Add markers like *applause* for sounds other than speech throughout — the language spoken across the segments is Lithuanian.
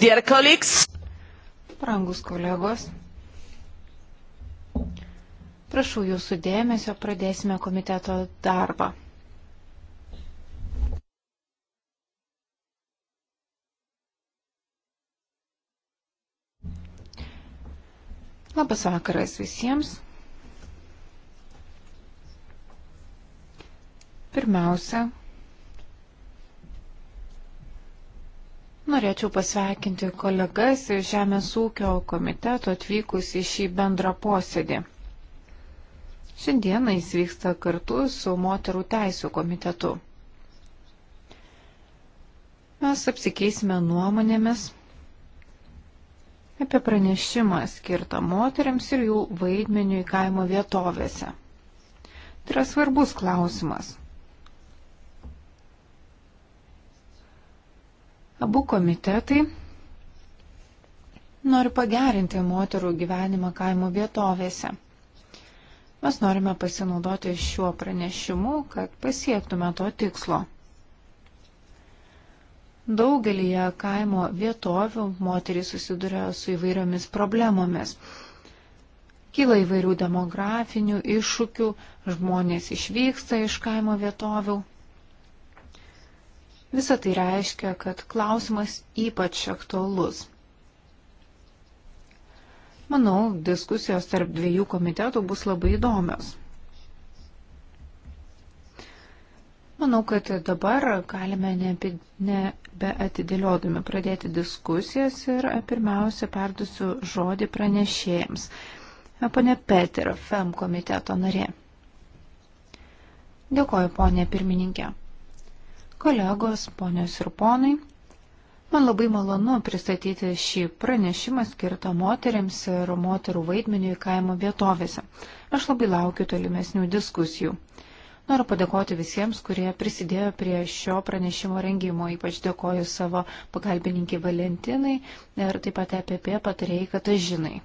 Dear colleagues. Prangus kolegos. Prašau jūsų dėmesio, pradėsime komiteto darbą. Labas vakaras visiems. Pirmiausia, Norėčiau pasveikinti kolegas iš Žemės ūkio komiteto atvykus į šį bendrą posėdį. Šiandieną jis vyksta kartu su moterų teisų komitetu. Mes apsikeisime nuomonėmis apie pranešimą skirtą moteriams ir jų vaidmeniui kaimo vietovėse. Tai yra svarbus klausimas. Abu komitetai nori pagerinti moterų gyvenimą kaimo vietovėse. Mes norime pasinaudoti šiuo pranešimu, kad pasiektume to tikslo. Daugelįje kaimo vietovių moterys susiduria su įvairiomis problemomis. Kyla įvairių demografinių iššūkių, žmonės išvyksta iš kaimo vietovių, Visą tai reiškia, kad klausimas ypač aktualus. Manau, diskusijos tarp dviejų komitetų bus labai įdomios. Manau, kad dabar galime nebeatidėliodami pradėti diskusijas ir pirmiausia perdusiu žodį pranešėjams. Pane Peter, FEM komiteto narė. Dėkoju, ponė pirmininkė kolegos, ponios ir ponai. Man labai malonu pristatyti šį pranešimą skirtą moteriams ir moterų vaidmeniui kaimo vietovėse. Aš labai laukiu tolimesnių diskusijų. Noriu padėkoti visiems, kurie prisidėjo prie šio pranešimo rengimo. Ypač dėkoju savo pagalbininkiai Valentinai ir taip pat EPP patarėjai Katažinai.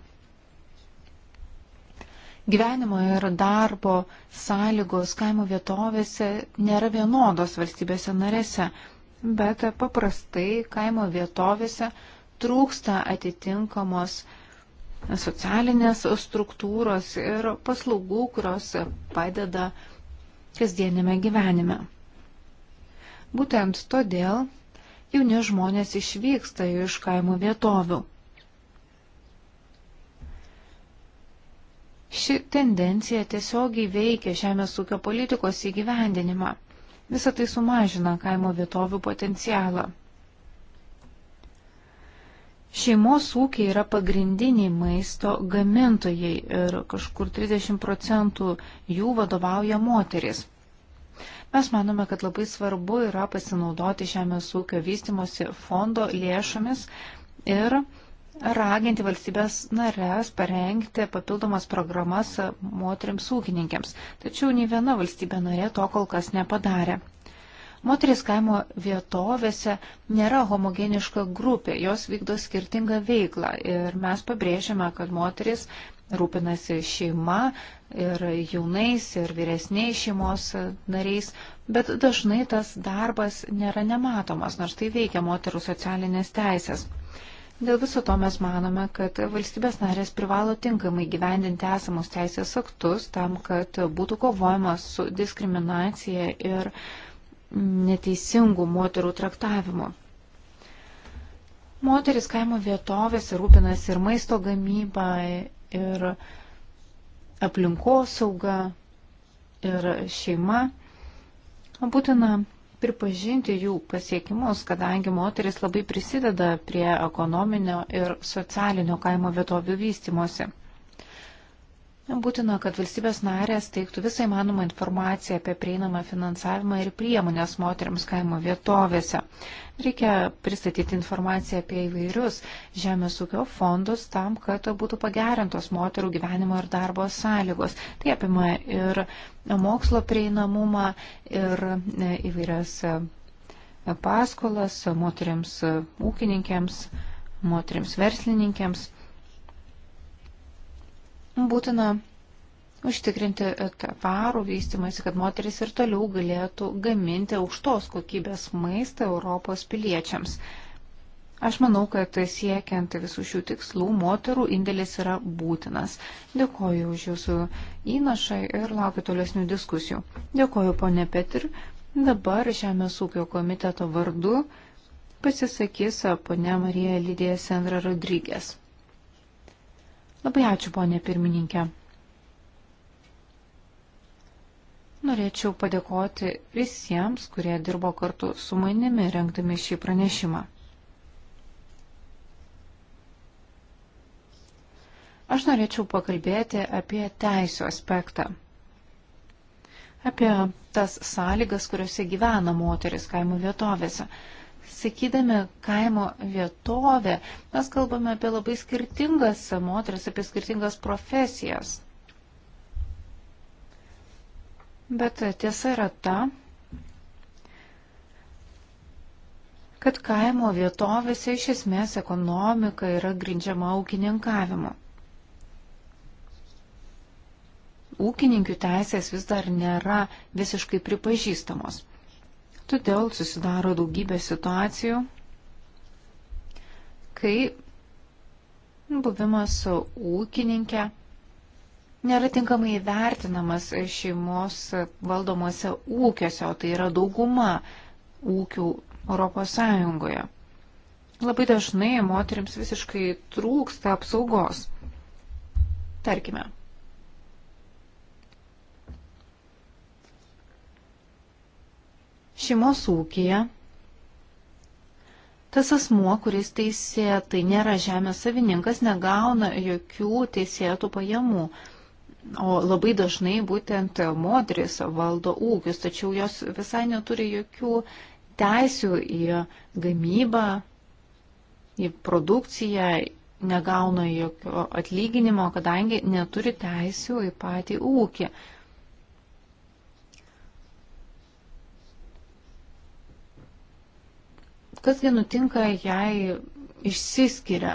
Gyvenimo ir darbo sąlygos kaimo vietovėse nėra vienodos valstybėse narėse, bet paprastai kaimo vietovėse trūksta atitinkamos socialinės struktūros ir paslaugų, kurios padeda kasdienėme gyvenime. Būtent todėl jauni žmonės išvyksta iš kaimo vietovių. Ši tendencija tiesiogiai veikia žemės ūkio politikos įgyvendinimą. Visą tai sumažina kaimo vietovių potencialą. Šeimos ūkiai yra pagrindiniai maisto gamintojai ir kažkur 30 procentų jų vadovauja moteris. Mes manome, kad labai svarbu yra pasinaudoti Žemės ūkio vystimosi fondo lėšomis ir raginti valstybės narės parengti papildomas programas moteriams ūkininkėms, tačiau nei viena valstybė narė to kol kas nepadarė. Moteris kaimo vietovėse nėra homogeniška grupė, jos vykdo skirtingą veiklą ir mes pabrėžiame, kad moteris rūpinasi šeima ir jaunais ir vyresniais šeimos nariais, bet dažnai tas darbas nėra nematomas, nors tai veikia moterų socialinės teisės. Dėl viso to mes manome, kad valstybės narės privalo tinkamai gyvendinti esamus teisės aktus tam, kad būtų kovojama su diskriminacija ir neteisingu moterų traktavimu. Moteris kaimo vietovėse rūpinasi ir maisto gamyba, ir aplinkosauga, ir šeima. Būtina pripažinti jų pasiekimus, kadangi moteris labai prisideda prie ekonominio ir socialinio kaimo vietovių vystimosi. Būtina, kad valstybės narės teiktų visą įmanomą informaciją apie prieinamą finansavimą ir priemonės moteriams kaimo vietovėse. Reikia pristatyti informaciją apie įvairius žemės ūkio fondus tam, kad būtų pagerintos moterų gyvenimo ir darbo sąlygos. Tai apima ir mokslo prieinamumą, ir e, įvairias e, paskolas moteriams e, ūkininkėms, moteriams verslininkėms. Būtina užtikrinti tvarų vystimąsi, kad moteris ir toliau galėtų gaminti aukštos kokybės maistą Europos piliečiams. Aš manau, kad siekiant visų šių tikslų, moterų indėlis yra būtinas. Dėkoju už jūsų įnašą ir laukiu tolesnių diskusijų. Dėkoju, ponė Petri. Dabar Žemės ūkio komiteto vardu pasisakys ponė Marija Lydėja Sandra Rodrygės. Labai ačiū, ponė pirmininkė. Norėčiau padėkoti visiems, kurie dirbo kartu su manimi rengdami šį pranešimą. Aš norėčiau pakalbėti apie teisų aspektą. Apie tas sąlygas, kuriuose gyvena moteris kaimo vietovėse. Sakydami kaimo vietovė, mes kalbame apie labai skirtingas moteris, apie skirtingas profesijas. Bet tiesa yra ta, kad kaimo vietovėse iš esmės ekonomika yra grindžiama ūkininkavimu. Ūkininkų teisės vis dar nėra visiškai pripažįstamos. Todėl susidaro daugybė situacijų, kai buvimas ūkininkė nėra tinkamai vertinamas šeimos valdomuose ūkiuose, o tai yra dauguma ūkių Europos Sąjungoje. Labai dažnai moteriams visiškai trūksta apsaugos. Tarkime, šeimos ūkija tas asmuo, kuris teisėtai nėra žemės savininkas, negauna jokių teisėtų pajamų. O labai dažnai būtent moteris valdo ūkius, tačiau jos visai neturi jokių teisių į gamybą, į produkciją, negauna jokio atlyginimo, kadangi neturi teisių į patį ūkį. kasgi nutinka, jei išsiskiria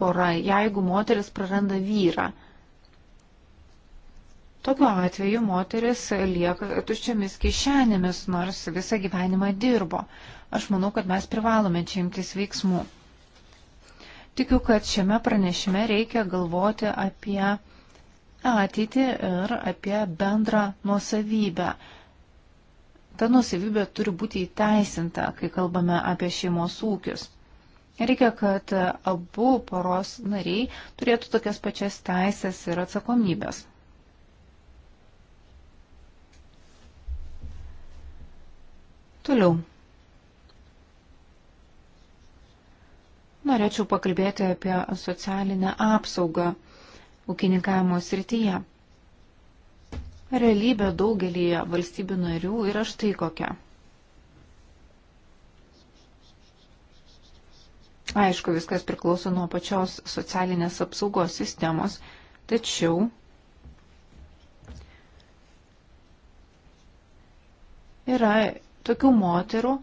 pora, jeigu moteris praranda vyrą. Tokiu atveju moteris lieka tuščiamis kišenėmis, nors visą gyvenimą dirbo. Aš manau, kad mes privalome čia imtis veiksmų. Tikiu, kad šiame pranešime reikia galvoti apie ateitį ir apie bendrą nuosavybę. Ta nusivybė turi būti įteisinta, kai kalbame apie šeimos ūkius. Reikia, kad abu poros nariai turėtų tokias pačias teisės ir atsakomybės. Toliau. Norėčiau pakalbėti apie socialinę apsaugą ūkininkavimo srityje. Realybė daugelį valstybių narių yra štai kokia. Aišku, viskas priklauso nuo pačios socialinės apsaugos sistemos, tačiau yra tokių moterų,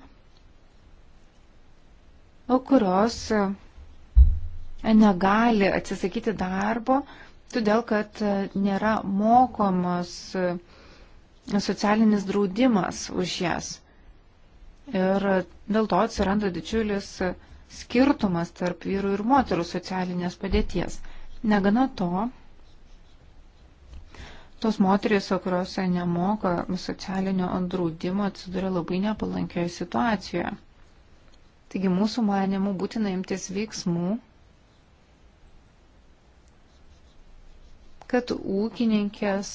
kurios e, negali atsisakyti darbo todėl kad e, nėra mokomos e, socialinis draudimas už jas. Ir dėl to atsiranda didžiulis e, skirtumas tarp vyrų ir moterų socialinės padėties. Negana to, tos moteris, kurios nemoka socialinio draudimo, atsiduria labai nepalankioje situacijoje. Taigi mūsų manimų būtina imtis veiksmų kad ūkininkės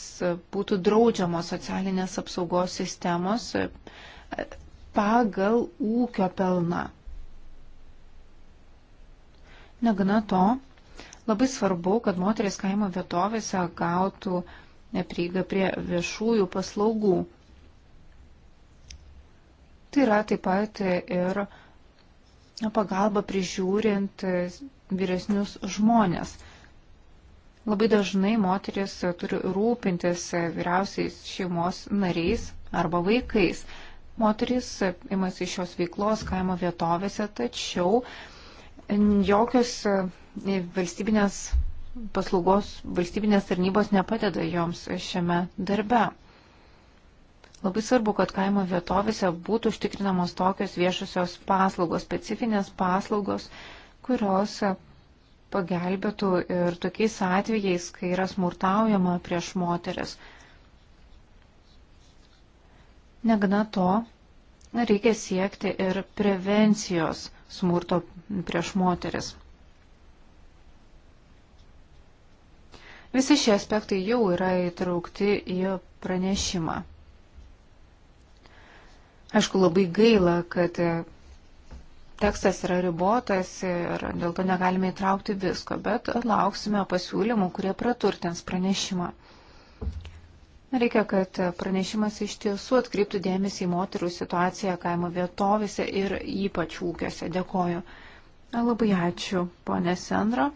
būtų draudžiamos socialinės apsaugos sistemos pagal ūkio pelną. Negana to, labai svarbu, kad moteris kaimo vietovėse gautų neprieigą prie viešųjų paslaugų. Tai yra taip pat ir pagalba prižiūrint vyresnius žmonės. Labai dažnai moteris turi rūpintis vyriausiais šeimos nariais arba vaikais. Moterys imasi šios veiklos kaimo vietovėse, tačiau jokios e, valstybinės paslaugos, valstybinės tarnybos nepadeda joms šiame darbe. Labai svarbu, kad kaimo vietovėse būtų užtikrinamos tokios viešusios paslaugos, specifinės paslaugos, kurios pagelbėtų ir tokiais atvejais, kai yra smurtaujama prieš moteris. Negana to, reikia siekti ir prevencijos smurto prieš moteris. Visi šie aspektai jau yra įtraukti į pranešimą. Aišku, labai gaila, kad tekstas yra ribotas ir dėl to negalime įtraukti visko, bet lauksime pasiūlymų, kurie praturtins pranešimą. Reikia, kad pranešimas iš tiesų atkreiptų dėmesį į moterų situaciją kaimo vietovėse ir ypač ūkiuose. Dėkoju. Labai ačiū, ponė Sendra.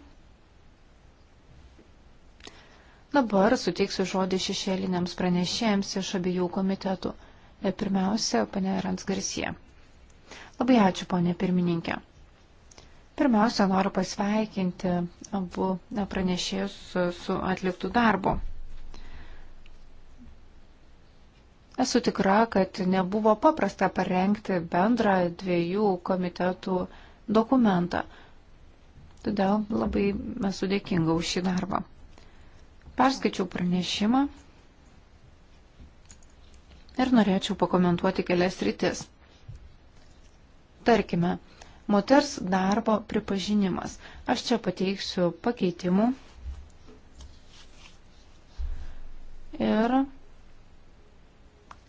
Dabar suteiksiu žodį šešėliniams pranešėjams iš abiejų komitetų. Pirmiausia, ponė Rans Garsie. Labai ačiū, ponė pirmininkė. Pirmiausia, noriu pasveikinti abu pranešėjus su, su atliktų darbu. Esu tikra, kad nebuvo paprasta parengti bendrą dviejų komitetų dokumentą. Todėl labai esu dėkinga už šį darbą. Perskaičiau pranešimą ir norėčiau pakomentuoti kelias rytis. Tarkime, moters darbo pripažinimas. Aš čia pateiksiu pakeitimų. Ir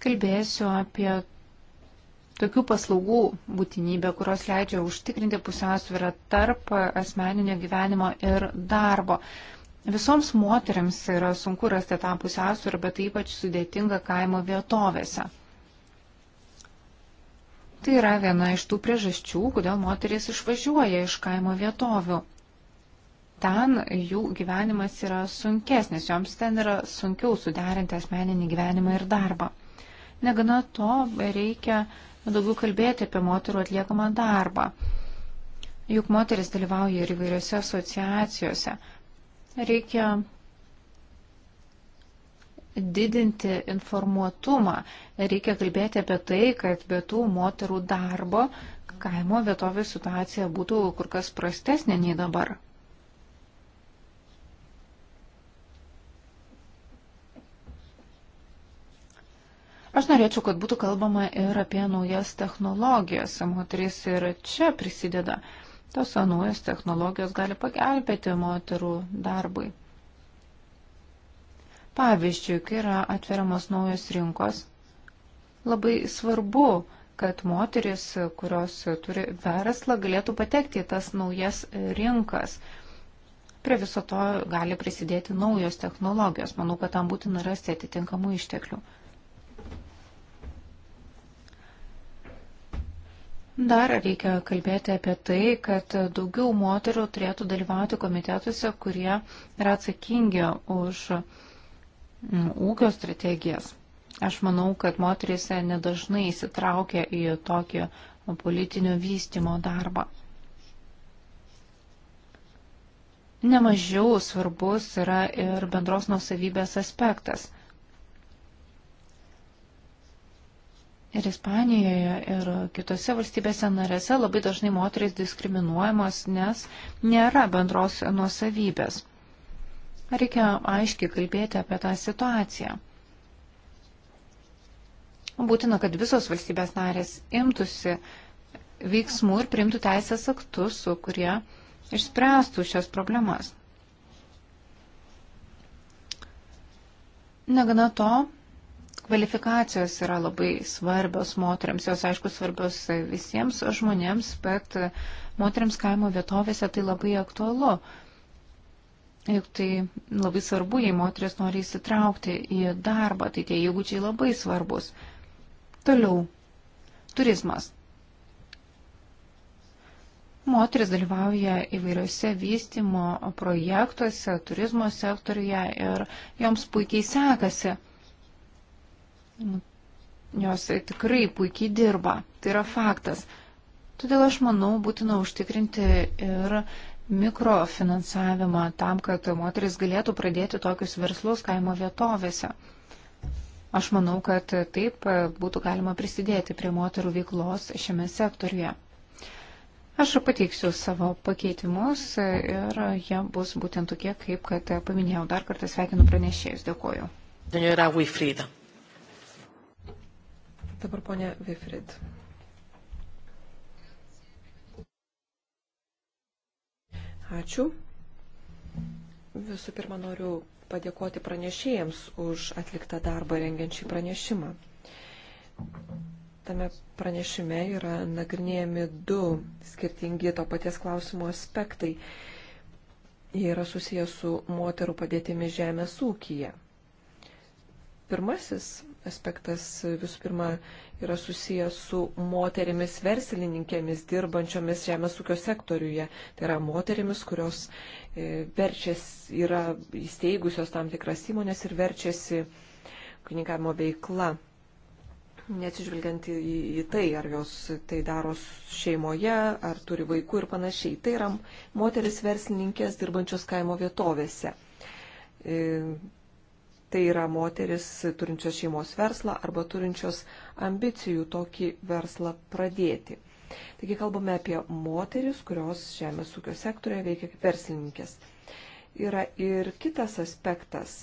kalbėsiu apie tokių paslaugų būtinybę, kurios leidžia užtikrinti pusiausvyrą tarp asmeninio gyvenimo ir darbo. Visoms moteriams yra sunku rasti tą pusiausvyrą, bet tai ypač sudėtinga kaimo vietovėse. Tai yra viena iš tų priežasčių, kodėl moteris išvažiuoja iš kaimo vietovių. Ten jų gyvenimas yra sunkesnis, joms ten yra sunkiau suderinti asmeninį gyvenimą ir darbą. Negana to, reikia daugiau kalbėti apie moterų atliekamą darbą. Juk moteris dalyvauja ir įvairiose asociacijose. Reikia didinti informuotumą. Reikia kalbėti apie tai, kad be tų moterų darbo kaimo vietovės situacija būtų kur kas prastesnė nei dabar. Aš norėčiau, kad būtų kalbama ir apie naujas technologijas. Moteris ir čia prisideda. Tos naujos technologijos gali pagelbėti moterų darbui. Pavyzdžiui, kai yra atveriamos naujos rinkos, labai svarbu, kad moteris, kurios turi verslą, galėtų patekti į tas naujas rinkas. Prie viso to gali prisidėti naujos technologijos. Manau, kad tam būtina rasti atitinkamų išteklių. Dar reikia kalbėti apie tai, kad daugiau moterų turėtų dalyvauti komitetuose, kurie yra atsakingi už uh, Mm, ūkio strategijas. Aš manau, kad moterys nedažnai įsitraukia į tokį politinio vystimo darbą. Nemažiau svarbus yra ir bendros nusavybės aspektas. Ir Ispanijoje, ir kitose valstybėse narėse labai dažnai moteris diskriminuojamos, nes nėra bendros nuosavybės. Reikia aiškiai kalbėti apie tą situaciją. Būtina, kad visos valstybės narės imtųsi veiksmų ir priimtų teisės aktus, kurie išspręstų šias problemas. Negana to, kvalifikacijos yra labai svarbios moteriams, jos aišku svarbios visiems žmonėms, bet moteriams kaimo vietovėse tai labai aktualu. Juk tai labai svarbu, jei moteris nori įsitraukti į darbą, tai tie įgūdžiai labai svarbus. Toliau. Turizmas. Moteris dalyvauja įvairiose vystimo projektuose, turizmo sektoriuje ir joms puikiai sekasi. Jos tikrai puikiai dirba, tai yra faktas. Todėl aš manau būtina užtikrinti ir mikrofinansavimą tam, kad moteris galėtų pradėti tokius verslus kaimo vietovėse. Aš manau, kad taip būtų galima prisidėti prie moterų veiklos šiame sektoriuje. Aš pateiksiu savo pakeitimus ir jie bus būtent tokie, kaip kad paminėjau. Dar kartą sveikinu pranešėjus. Dėkuoju. Dabar ponė Vifrid. Ačiū. Visų pirma, noriu padėkoti pranešėjams už atliktą darbą rengiant šį pranešimą. Tame pranešime yra nagrinėjami du skirtingi to paties klausimo aspektai. Jie yra susijęs su moterų padėtimi žemės ūkyje. Pirmasis aspektas visų pirma yra susijęs su moterimis verslininkėmis dirbančiomis žemės ūkio sektoriuje. Tai yra moterimis, kurios e, verčias yra įsteigusios tam tikras įmonės ir verčiasi kuninkavimo veikla. Neatsižvelgiant į, į tai, ar jos tai daro šeimoje, ar turi vaikų ir panašiai. Tai yra moteris verslininkės dirbančios kaimo vietovėse e, Tai yra moteris turinčios šeimos verslą arba turinčios ambicijų tokį verslą pradėti. Taigi kalbame apie moteris, kurios žemės ūkio sektorioje veikia kaip verslininkės. Yra ir kitas aspektas,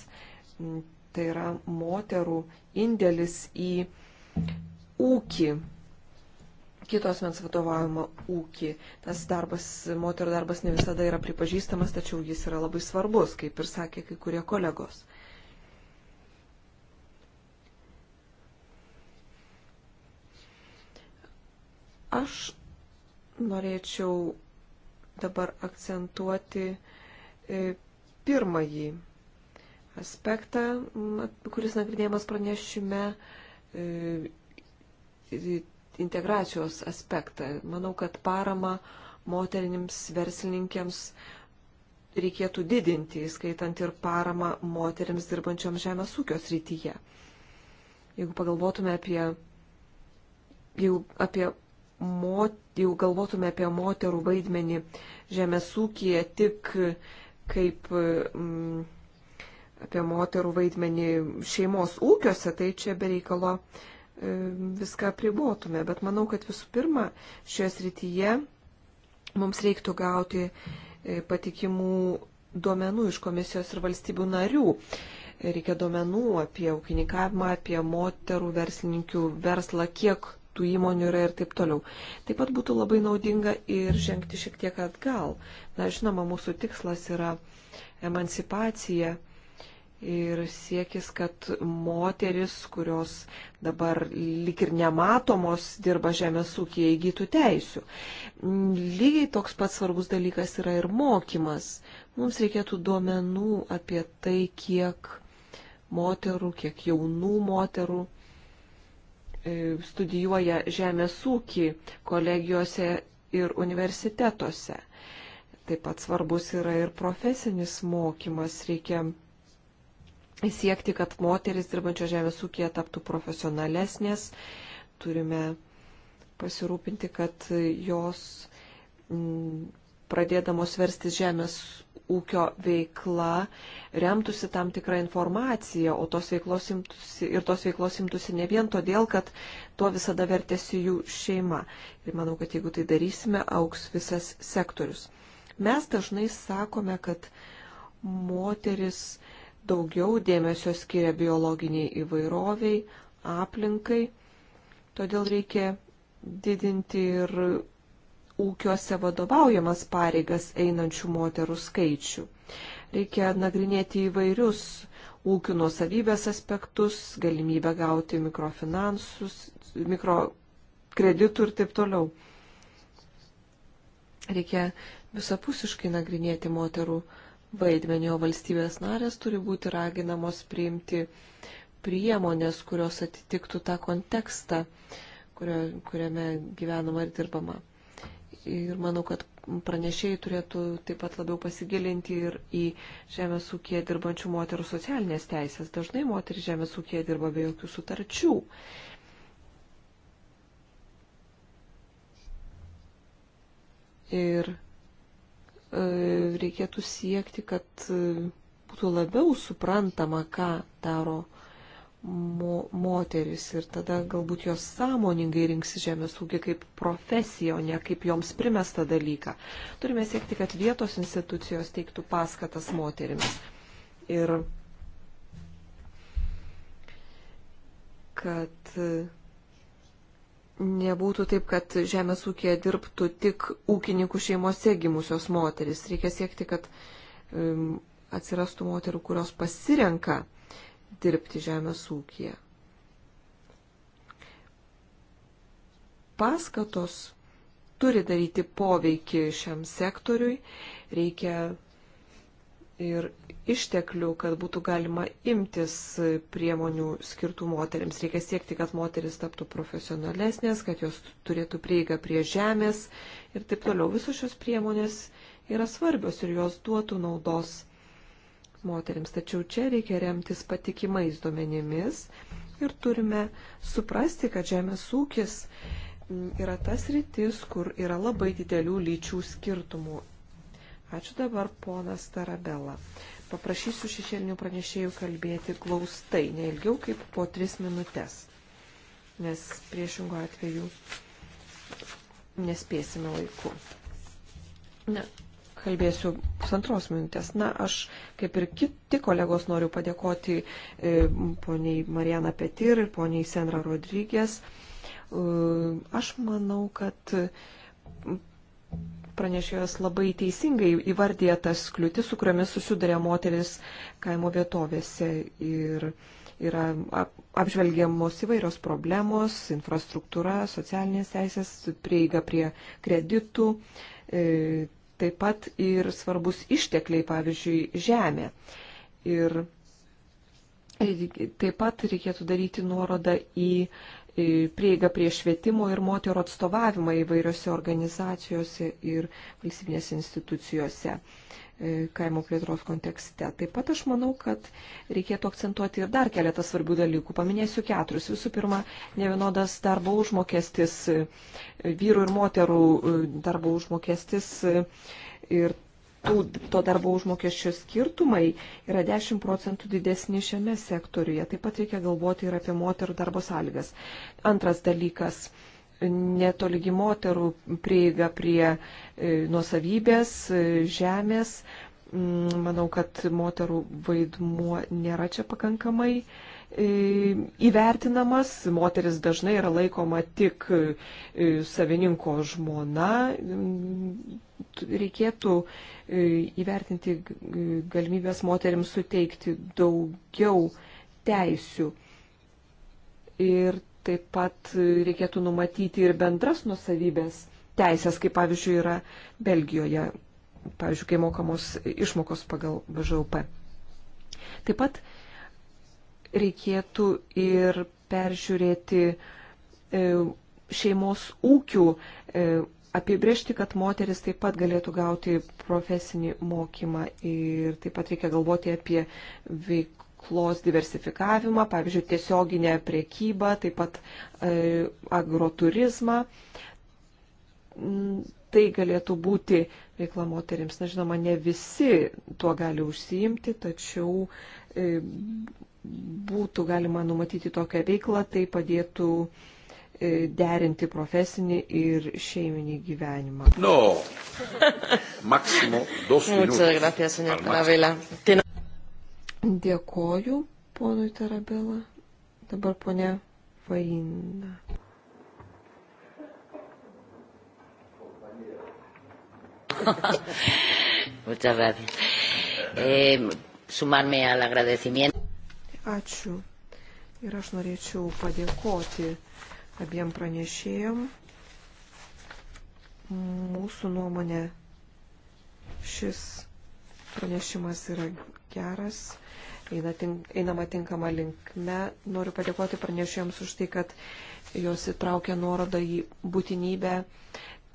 tai yra moterų indėlis į ūkį, kitos mens vadovavimo ūkį. Tas darbas, moterų darbas ne visada yra pripažįstamas, tačiau jis yra labai svarbus, kaip ir sakė kai kurie kolegos. Aš norėčiau dabar akcentuoti e, pirmąjį aspektą, kuris nagrinėjamas pranešime e, integracijos aspektą. Manau, kad parama moterinims verslininkėms reikėtų didinti, įskaitant ir paramą moteriams dirbančiom žemės ūkio srityje. Jeigu pagalvotume apie, jau apie mot, jau galvotume apie moterų vaidmenį žemės ūkyje tik kaip mm, apie moterų vaidmenį šeimos ūkiuose, tai čia bereikalo e, viską pribotume. Bet manau, kad visų pirma, šioje srityje mums reiktų gauti e, patikimų duomenų iš komisijos ir valstybių narių. Reikia duomenų apie ūkininkavimą, apie moterų verslininkių verslą, kiek tų įmonių yra ir taip toliau. Taip pat būtų labai naudinga ir žengti šiek tiek atgal. Na, žinoma, mūsų tikslas yra emancipacija ir siekis, kad moteris, kurios dabar lik ir nematomos dirba žemės ūkėje, įgytų teisių. Lygiai toks pats svarbus dalykas yra ir mokymas. Mums reikėtų duomenų apie tai, kiek moterų, kiek jaunų moterų E, studijuoja žemės ūkį kolegijose ir universitetuose. Taip pat svarbus yra ir profesinis mokymas. Reikia siekti, kad moteris dirbančio žemės ūkėje taptų profesionalesnės. Turime pasirūpinti, kad jos pradėdamos verstis žemės ūkio veikla remtųsi tam tikrą informaciją, o tos veiklos imtųsi ir tos veiklos imtųsi ne vien todėl, kad tuo visada vertėsi jų šeima. Ir manau, kad jeigu tai darysime, auks visas sektorius. Mes dažnai sakome, kad moteris daugiau dėmesio skiria biologiniai įvairoviai, aplinkai, todėl reikia didinti ir ūkiuose vadovaujamas pareigas einančių moterų skaičių. Reikia nagrinėti įvairius ūkių nuosavybės aspektus, galimybę gauti mikrofinansus, mikrokreditų ir taip toliau. Reikia visapusiškai nagrinėti moterų vaidmenį, o valstybės narės turi būti raginamos priimti priemonės, kurios atitiktų tą kontekstą, kurio, kuriame gyvenama ir dirbama ir manau, kad pranešėjai turėtų taip pat labiau pasigilinti ir į žemės ūkėje dirbančių moterų socialinės teisės. Dažnai moteris žemės ūkėje dirba be jokių sutarčių. Ir e, reikėtų siekti, kad e, būtų labiau suprantama, ką daro moteris mo moteris ir tada galbūt jos sąmoningai rinks žemės ūkį kaip profesiją, o ne kaip joms primesta dalyką. Turime siekti, kad vietos institucijos teiktų paskatas moterims. Ir kad nebūtų taip, kad žemės ūkėje dirbtų tik ūkininkų šeimose gimusios moteris. Reikia siekti, kad um, atsirastų moterų, kurios pasirenka uh, dirbti žemės ūkiją. Paskatos turi daryti poveikį šiam sektoriui, reikia ir išteklių, kad būtų galima imtis priemonių skirtų moteriams. Reikia siekti, kad moteris taptų profesionalesnės, kad jos turėtų prieigą prie žemės ir taip toliau. Visos šios priemonės yra svarbios ir jos duotų naudos moteriams. Tačiau čia reikia remtis patikimais duomenimis ir turime suprasti, kad žemės ūkis yra tas rytis, kur yra labai didelių lyčių skirtumų. Ačiū dabar ponas Tarabela. Paprašysiu šešėlinių pranešėjų kalbėti glaustai, neilgiau kaip po tris minutės, nes priešingų atveju nespėsime laiku. Ne, Kalbėsiu pusantros minutės. Na, aš kaip ir kiti kolegos noriu padėkoti e, poniai Marijana Petir ir poniai Senra Rodrygės. E, aš manau, kad pranešėjas labai teisingai įvardė tas kliūtis, su kuriomis susiduria moteris kaimo vietovėse. Ir yra apžvelgiamos įvairios problemos, infrastruktūra, socialinės teisės, prieiga prie kreditų. E, taip pat ir svarbus ištekliai, pavyzdžiui, žemė. Ir taip pat reikėtų daryti nuorodą į prieigą prie švietimo ir moterų atstovavimą įvairiose organizacijose ir valstybinėse institucijose. E, kaimo plėtros kontekste. Taip pat aš manau, kad reikėtų akcentuoti ir dar keletą svarbių dalykų. Paminėsiu keturis. Visų pirma, nevienodas darbo užmokestis, e, vyrų ir moterų e, darbo užmokestis ir tų, to darbo užmokesčio skirtumai yra 10 procentų didesni šiame sektoriuje. Taip pat reikia galvoti ir apie moterų darbo sąlygas. Antras dalykas netolygi moterų prieiga prie e, nuosavybės, e, žemės. Mm, manau, kad moterų vaidmuo nėra čia pakankamai e, įvertinamas. Moteris dažnai yra laikoma tik savininko žmona. Mm, reikėtų įvertinti galimybės moteriams suteikti daugiau teisių. Ir Taip pat reikėtų numatyti ir bendras nusavybės teisės, kaip pavyzdžiui yra Belgijoje, pavyzdžiui, kai mokamos išmokos pagal BŽUP. Taip pat reikėtų ir peržiūrėti e, šeimos ūkių, e, apibriežti, kad moteris taip pat galėtų gauti profesinį mokymą ir taip pat reikia galvoti apie veik, veiklos diversifikavimą, pavyzdžiui, tiesioginę priekybą, taip pat e, agroturizmą. Tai galėtų būti veikla moteriams. Na, žinoma, ne visi tuo gali užsiimti, tačiau e, būtų galima numatyti tokią veiklą, tai padėtų e, derinti profesinį ir šeiminį gyvenimą. No. Maksimo dos minutos. Muchas gracias, señor Canavela. Dėkoju ponui Tarabela. Dabar ponė Vaina. *laughs* Muchas gracias. Eh, sumarme al agradecimiento. Ačiū. Ir aš norėčiau padėkoti abiem pranešėjom. Mūsų nuomonė šis pranešimas yra geras eina tink, einama tinkama linkme. Noriu padėkoti pranešėjams už tai, kad jos įtraukė nuorodą į būtinybę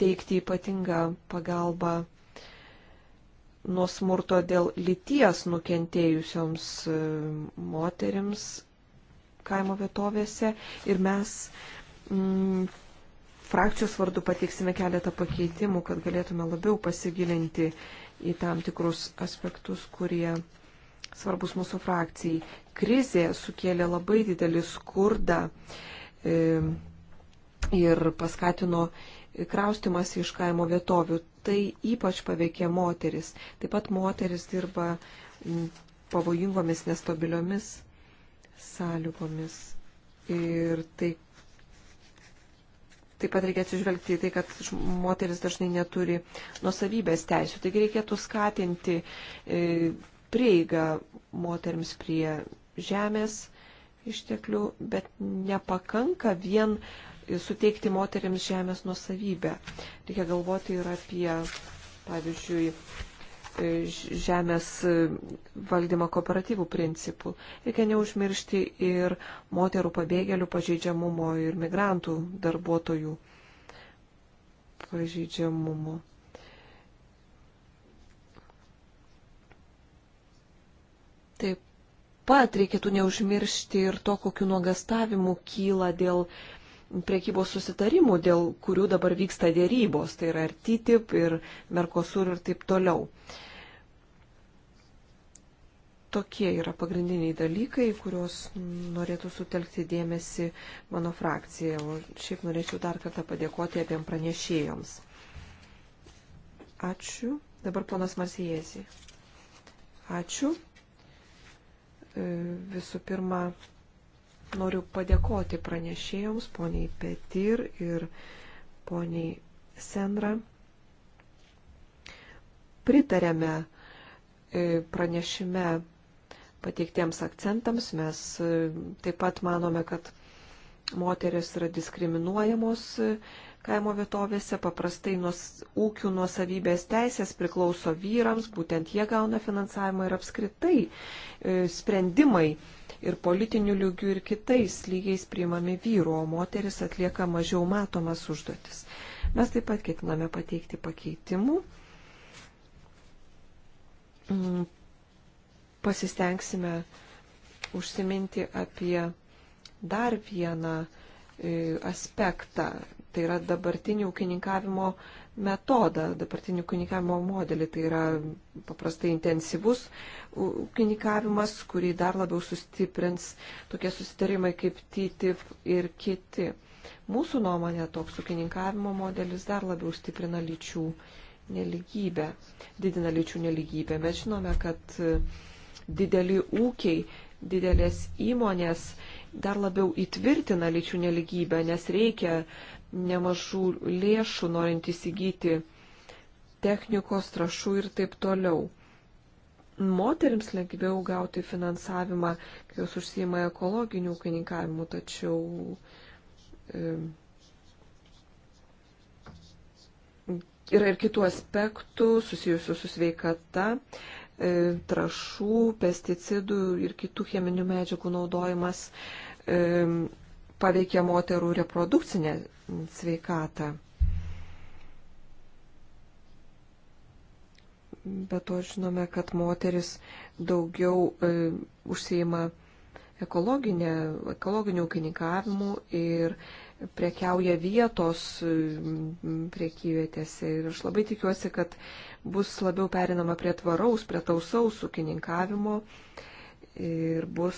teikti ypatingą pagalbą nuo smurto dėl lyties nukentėjusioms e, moterims kaimo vietovėse. Ir mes mm, frakcijos vardu pateiksime keletą pakeitimų, kad galėtume labiau pasigilinti į tam tikrus aspektus, kurie svarbus mūsų frakcijai. Krizė sukėlė labai didelį skurdą e, ir paskatino kraustimas iš kaimo vietovių. Tai ypač paveikė moteris. Taip pat moteris dirba pavojingomis, nestabiliomis sąlygomis. Ir taip, taip pat reikia atsižvelgti į tai, kad moteris dažnai neturi nusavybės teisų. Taigi reikėtų skatinti e, prieigą moteriams prie žemės išteklių, bet nepakanka vien suteikti moteriams žemės nuosavybę. Reikia galvoti ir apie, pavyzdžiui, e, žemės e, valdymo kooperatyvų principų. Reikia neužmiršti ir moterų pabėgėlių pažeidžiamumo ir migrantų darbuotojų pažeidžiamumo. Taip pat reikėtų neužmiršti ir to, kokiu nuogastavimu kyla dėl priekybos susitarimų, dėl kurių dabar vyksta dėrybos, tai yra ir TTIP, ir Mercosur ir taip toliau. Tokie yra pagrindiniai dalykai, kuriuos norėtų sutelkti dėmesį mano frakcija. O šiaip norėčiau dar kartą padėkoti abiem pranešėjoms. Ačiū. Dabar ponas Marsijėzi. Ačiū. E, visų pirma noriu padėkoti pranešėjoms, poniai Petir ir poniai Senra. Pritarėme e, pranešime pateiktiems akcentams. Mes e, taip pat manome, kad moteris yra diskriminuojamos Kaimo vietovėse paprastai nuos, ūkių nuosavybės teisės priklauso vyrams, būtent jie gauna finansavimą ir apskritai e, sprendimai ir politinių lygių ir kitais lygiais priimami vyrų, o moteris atlieka mažiau matomas užduotis. Mes taip pat ketiname pateikti pakeitimų. Mm, pasistengsime užsiminti apie dar vieną e, aspektą Tai yra dabartinį ūkininkavimo metodą, dabartinį ūkininkavimo modelį. Tai yra paprastai intensyvus ūkininkavimas, kurį dar labiau sustiprins tokie susitarimai kaip TTIP ir kiti. Mūsų nuomonė toks ūkininkavimo modelis dar labiau stiprina lyčių neligybę, didina lyčių neligybę. Mes žinome, kad e, dideli ūkiai, didelės įmonės dar labiau įtvirtina lyčių neligybę, nes reikia nemažų lėšų, norint įsigyti technikos, trašų ir taip toliau. Moterims lengviau gauti finansavimą, kai jos užsijima ekologinių ūkininkavimų, tačiau e, yra ir kitų aspektų susijusių su sveikata, e, trašų, pesticidų ir kitų cheminių medžiagų naudojimas e, paveikia moterų reprodukcinę sveikatą. Bet to žinome, kad moteris daugiau e, užsieima ekologiniu ūkininkavimu ir prekiauja vietos e, priekyvietėse. Ir aš labai tikiuosi, kad bus labiau perinama prie tvaraus, prie tausaus ūkininkavimo. E, ir bus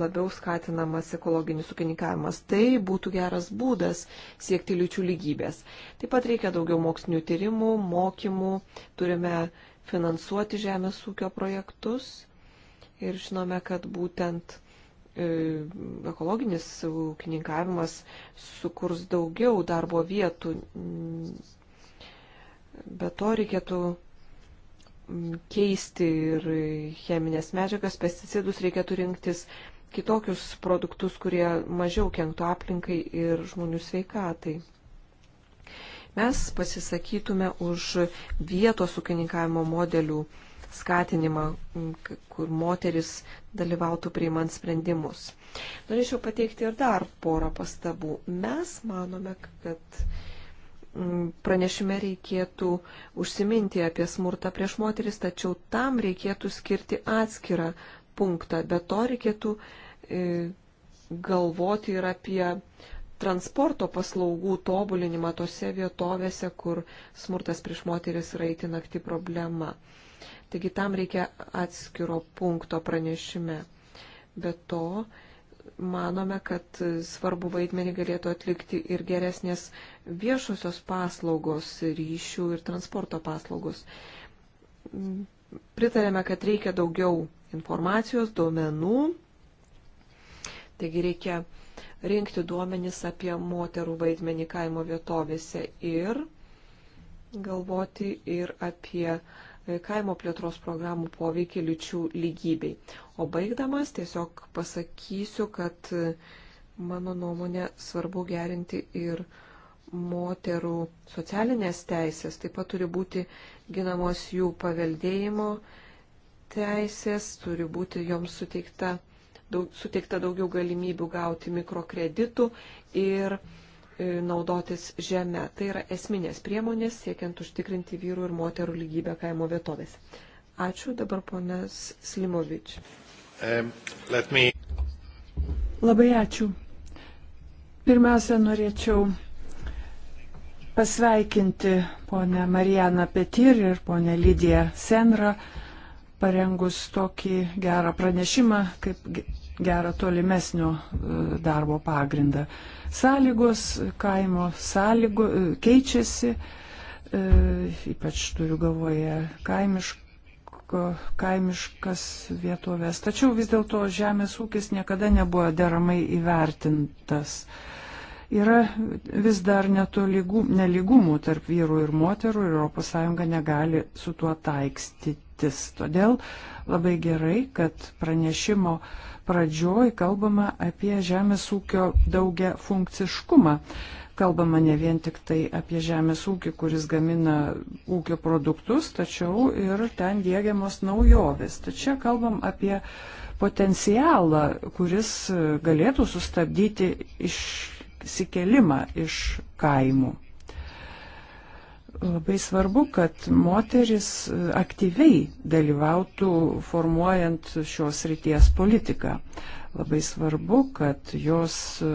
labiau skatinamas ekologinis ūkininkavimas. Tai būtų geras būdas siekti lyčių lygybės. Taip pat reikia daugiau mokslinių tyrimų, mokymų, turime finansuoti žemės ūkio projektus ir žinome, kad būtent e, ekologinis ūkininkavimas sukurs daugiau darbo vietų. Be to reikėtų keisti ir cheminės medžiagas, pesticidus, reikėtų rinktis kitokius produktus, kurie mažiau kenktų aplinkai ir žmonių sveikatai. Mes pasisakytume už vietos ūkininkavimo modelių skatinimą, kur moteris dalyvautų priimant sprendimus. Norėčiau pateikti ir dar porą pastabų. Mes manome, kad pranešime reikėtų užsiminti apie smurtą prieš moteris, tačiau tam reikėtų skirti atskirą punktą. Be to reikėtų e, galvoti ir apie transporto paslaugų tobulinimą tose vietovėse, kur smurtas prieš moteris yra įtin akti problema. Taigi tam reikia atskiro punkto pranešime. Be to, manome, kad svarbu vaidmenį galėtų atlikti ir geresnės viešosios paslaugos, ryšių ir transporto paslaugos. Pritarėme, kad reikia daugiau informacijos, duomenų, taigi reikia rinkti duomenys apie moterų vaidmenį kaimo vietovėse ir galvoti ir apie uh, kaimo plėtros programų poveikį lyčių lygybei. O baigdamas tiesiog pasakysiu, kad e, mano nuomonė svarbu gerinti ir moterų socialinės teisės. Taip pat turi būti ginamos jų paveldėjimo teisės, turi būti joms suteikta, daug, suteikta daugiau galimybių gauti mikrokreditų ir E, naudotis žemę. Tai yra esminės priemonės siekiant užtikrinti vyrų ir moterų lygybę kaimo vietovės. Ačiū dabar ponas Slimovič. Um, me... Labai ačiū. Pirmiausia, norėčiau pasveikinti ponę Marijaną Petir ir ponę Lydiją Senrą, parengus tokį gerą pranešimą kaip gerą tolimesnio e, darbo pagrindą sąlygos, kaimo sąlygų e, keičiasi, e, ypač turiu galvoje kaimiško, kaimiškas vietovės. Tačiau vis dėlto žemės ūkis niekada nebuvo deramai įvertintas. Yra vis dar netoligų, neligumų tarp vyrų ir moterų ir ES negali su tuo taikstyti patirtis. Todėl labai gerai, kad pranešimo pradžioj kalbama apie žemės ūkio daugia funkciškumą. Kalbama ne vien tik tai apie žemės ūkį, kuris gamina ūkio produktus, tačiau ir ten dėgiamos naujovės. Tačiau kalbam apie potencialą, kuris galėtų sustabdyti išsikelimą iš kaimų. Labai svarbu, kad moteris e, aktyviai dalyvautų formuojant šios ryties politiką. Labai svarbu, kad jos e,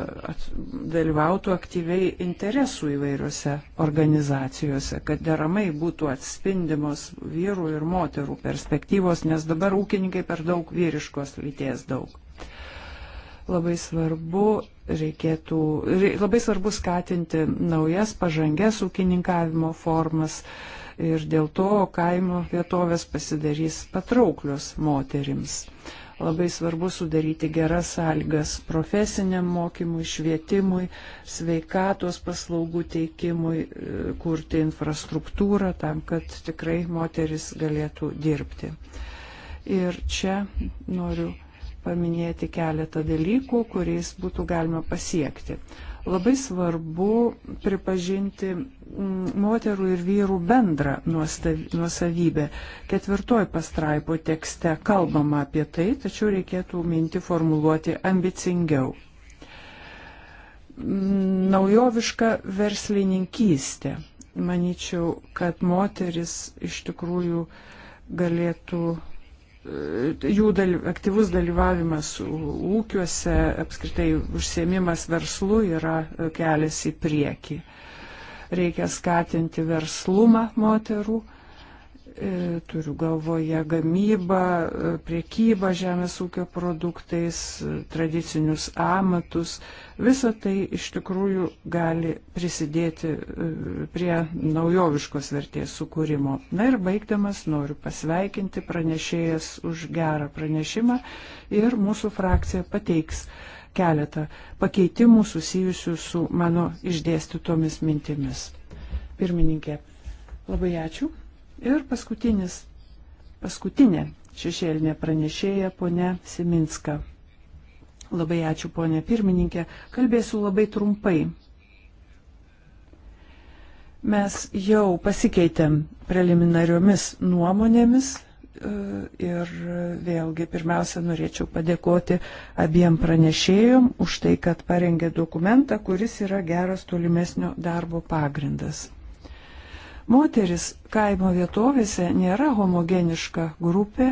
dalyvautų aktyviai interesų įvairiose organizacijose, kad deramai būtų atspindimos vyrų ir moterų perspektyvos, nes dabar ūkininkai per daug vyriškos lyties daug labai svarbu reikėtų, labai svarbu skatinti naujas pažangės ūkininkavimo formas ir dėl to kaimo vietovės pasidarys patrauklios moterims. Labai svarbu sudaryti geras sąlygas profesiniam mokymui, švietimui, sveikatos paslaugų teikimui, e, kurti infrastruktūrą tam, kad tikrai moteris galėtų dirbti. Ir čia noriu paminėti keletą dalykų, kuriais būtų galima pasiekti. Labai svarbu pripažinti mm, moterų ir vyrų bendrą nuosavybę. Ketvirtoj pastraipo tekste kalbama apie tai, tačiau reikėtų minti formuluoti ambicingiau. Mm, naujoviška verslininkystė. Manyčiau, kad moteris iš tikrųjų galėtų Tai jų daly, aktyvus dalyvavimas ūkiuose, apskritai užsiemimas verslu yra e, kelias į priekį. Reikia skatinti verslumą moterų E, turiu galvoje gamybą, e, priekybą žemės ūkio produktais, e, tradicinius amatus. Visa tai iš tikrųjų gali prisidėti prie naujoviškos vertės sukūrimo. Na ir baigdamas noriu pasveikinti pranešėjas už gerą pranešimą ir mūsų frakcija pateiks keletą pakeitimų susijusių su mano išdėstytomis mintimis. Pirmininkė, labai ačiū. Ir paskutinis, paskutinė šešėlinė pranešėja ponia Siminska. Labai ačiū ponia pirmininkė, kalbėsiu labai trumpai. Mes jau pasikeitėm preliminariomis nuomonėmis e, ir vėlgi pirmiausia norėčiau padėkoti abiem pranešėjom už tai, kad parengė dokumentą, kuris yra geras tolimesnio darbo pagrindas. Moteris kaimo vietovėse nėra homogeniška grupė,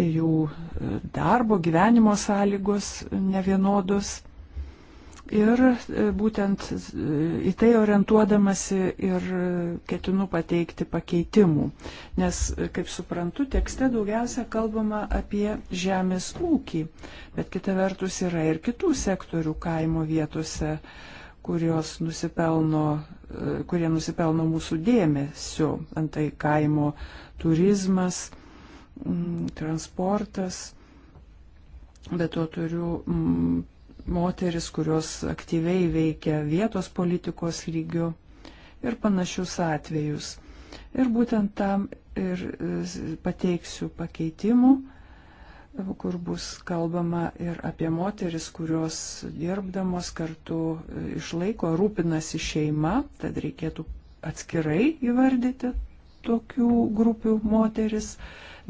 jų e, darbo gyvenimo sąlygos nevienodos. Ir e, būtent e, į tai orientuodamasi ir ketinu pateikti pakeitimų, nes, kaip suprantu, tekste daugiausia kalbama apie žemės ūkį, bet kita vertus yra ir kitų sektorių kaimo vietose, kurios nusipelno kurie nusipelno mūsų dėmesio. Antai kaimo turizmas, mm, transportas. Bet to turiu mm, moteris, kurios aktyviai veikia vietos politikos lygių ir panašius atvejus. Ir būtent tam ir e, pateiksiu pakeitimų kur bus kalbama ir apie moteris, kurios dirbdamos kartu e, išlaiko, rūpinasi šeima, tad reikėtų atskirai įvardyti tokių grupių moteris,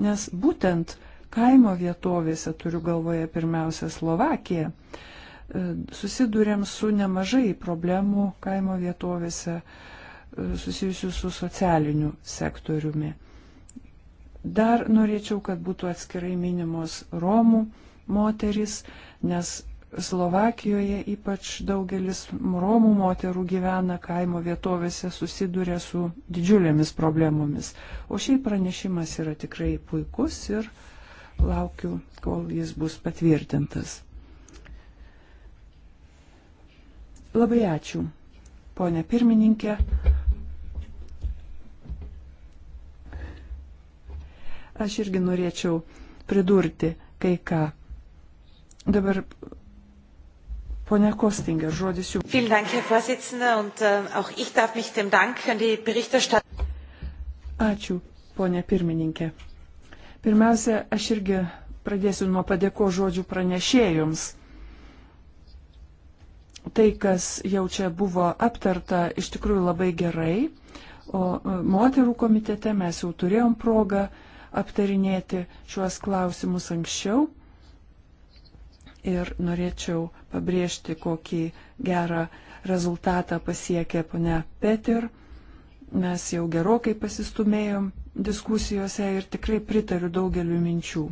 nes būtent kaimo vietovėse, turiu galvoje pirmiausia Slovakiją, e, susidurėm su nemažai problemų kaimo vietovėse e, susijusių su socialiniu sektoriumi. Dar norėčiau, kad būtų atskirai minimos Romų moteris, nes Slovakijoje ypač daugelis Romų moterų gyvena kaimo vietovėse, susiduria su didžiulėmis problemomis. O šiaip pranešimas yra tikrai puikus ir laukiu, kol jis bus patvirtintas. Labai ačiū, ponė pirmininkė. Aš irgi norėčiau pridurti kai ką. Dabar, ponia Kostinga, žodis jums. Vielen Dank, Herr Vorsitzender, und äh, auch ich darf mich dem Dank an die Berichterstatter. Ačiū, ponia pirmininkė. Pirmiausia, aš irgi pradėsiu nuo padėko žodžių pranešėjams. Tai, kas jau čia buvo aptarta, iš tikrųjų labai gerai. O moterų komitete mes jau turėjom progą uh, aptarinėti šiuos klausimus anksčiau. Ir norėčiau pabrėžti, kokį gerą rezultatą pasiekė ponia Petir. Mes jau gerokai pasistumėjom diskusijose ir tikrai pritariu daugeliu minčių.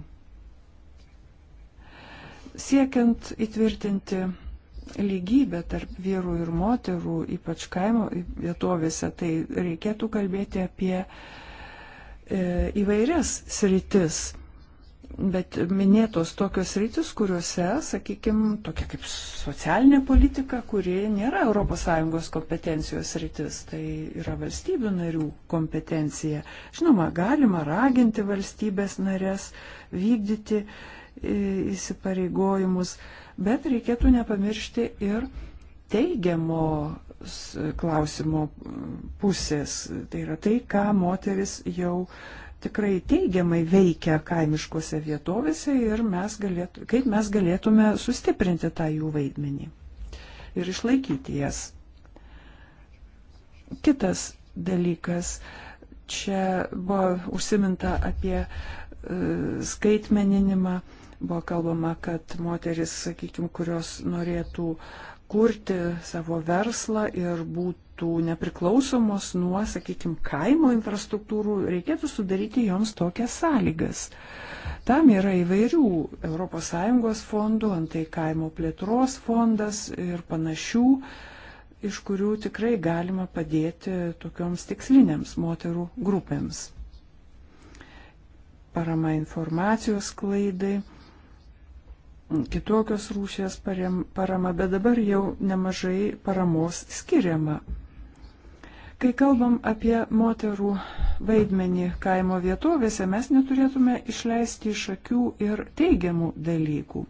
Siekiant įtvirtinti lygybę tarp vyrų ir moterų, ypač kaimo vietovėse, tai reikėtų kalbėti apie uh, E, įvairias sritis. Bet minėtos tokios rytis, kuriuose, sakykime, tokia kaip socialinė politika, kuri nėra ES kompetencijos rytis, tai yra valstybių narių kompetencija. Žinoma, galima raginti valstybės narės vykdyti e, įsipareigojimus, bet reikėtų nepamiršti ir teigiamo klausimo e, pusės. Tai yra tai, ką moteris jau tikrai teigiamai veikia kaimiškose vietovėse ir mes galėtų, kaip mes galėtume sustiprinti tą jų vaidmenį ir išlaikyti jas. Kitas dalykas, čia buvo užsiminta apie e, skaitmeninimą, buvo kalbama, kad moteris, sakykime, kurios norėtų kurti savo verslą ir būtų nepriklausomos nuo, sakykime, kaimo infrastruktūrų, reikėtų sudaryti joms tokias sąlygas. Tam yra įvairių ES fondų, antai kaimo plėtros fondas ir panašių, iš kurių tikrai galima padėti tokioms tikslinėms moterų grupėms. Parama informacijos klaidai kitokios rūšės parama, bet dabar jau nemažai paramos skiriama. Kai kalbam apie moterų vaidmenį kaimo vietovėse, mes neturėtume išleisti iš akių ir teigiamų dalykų,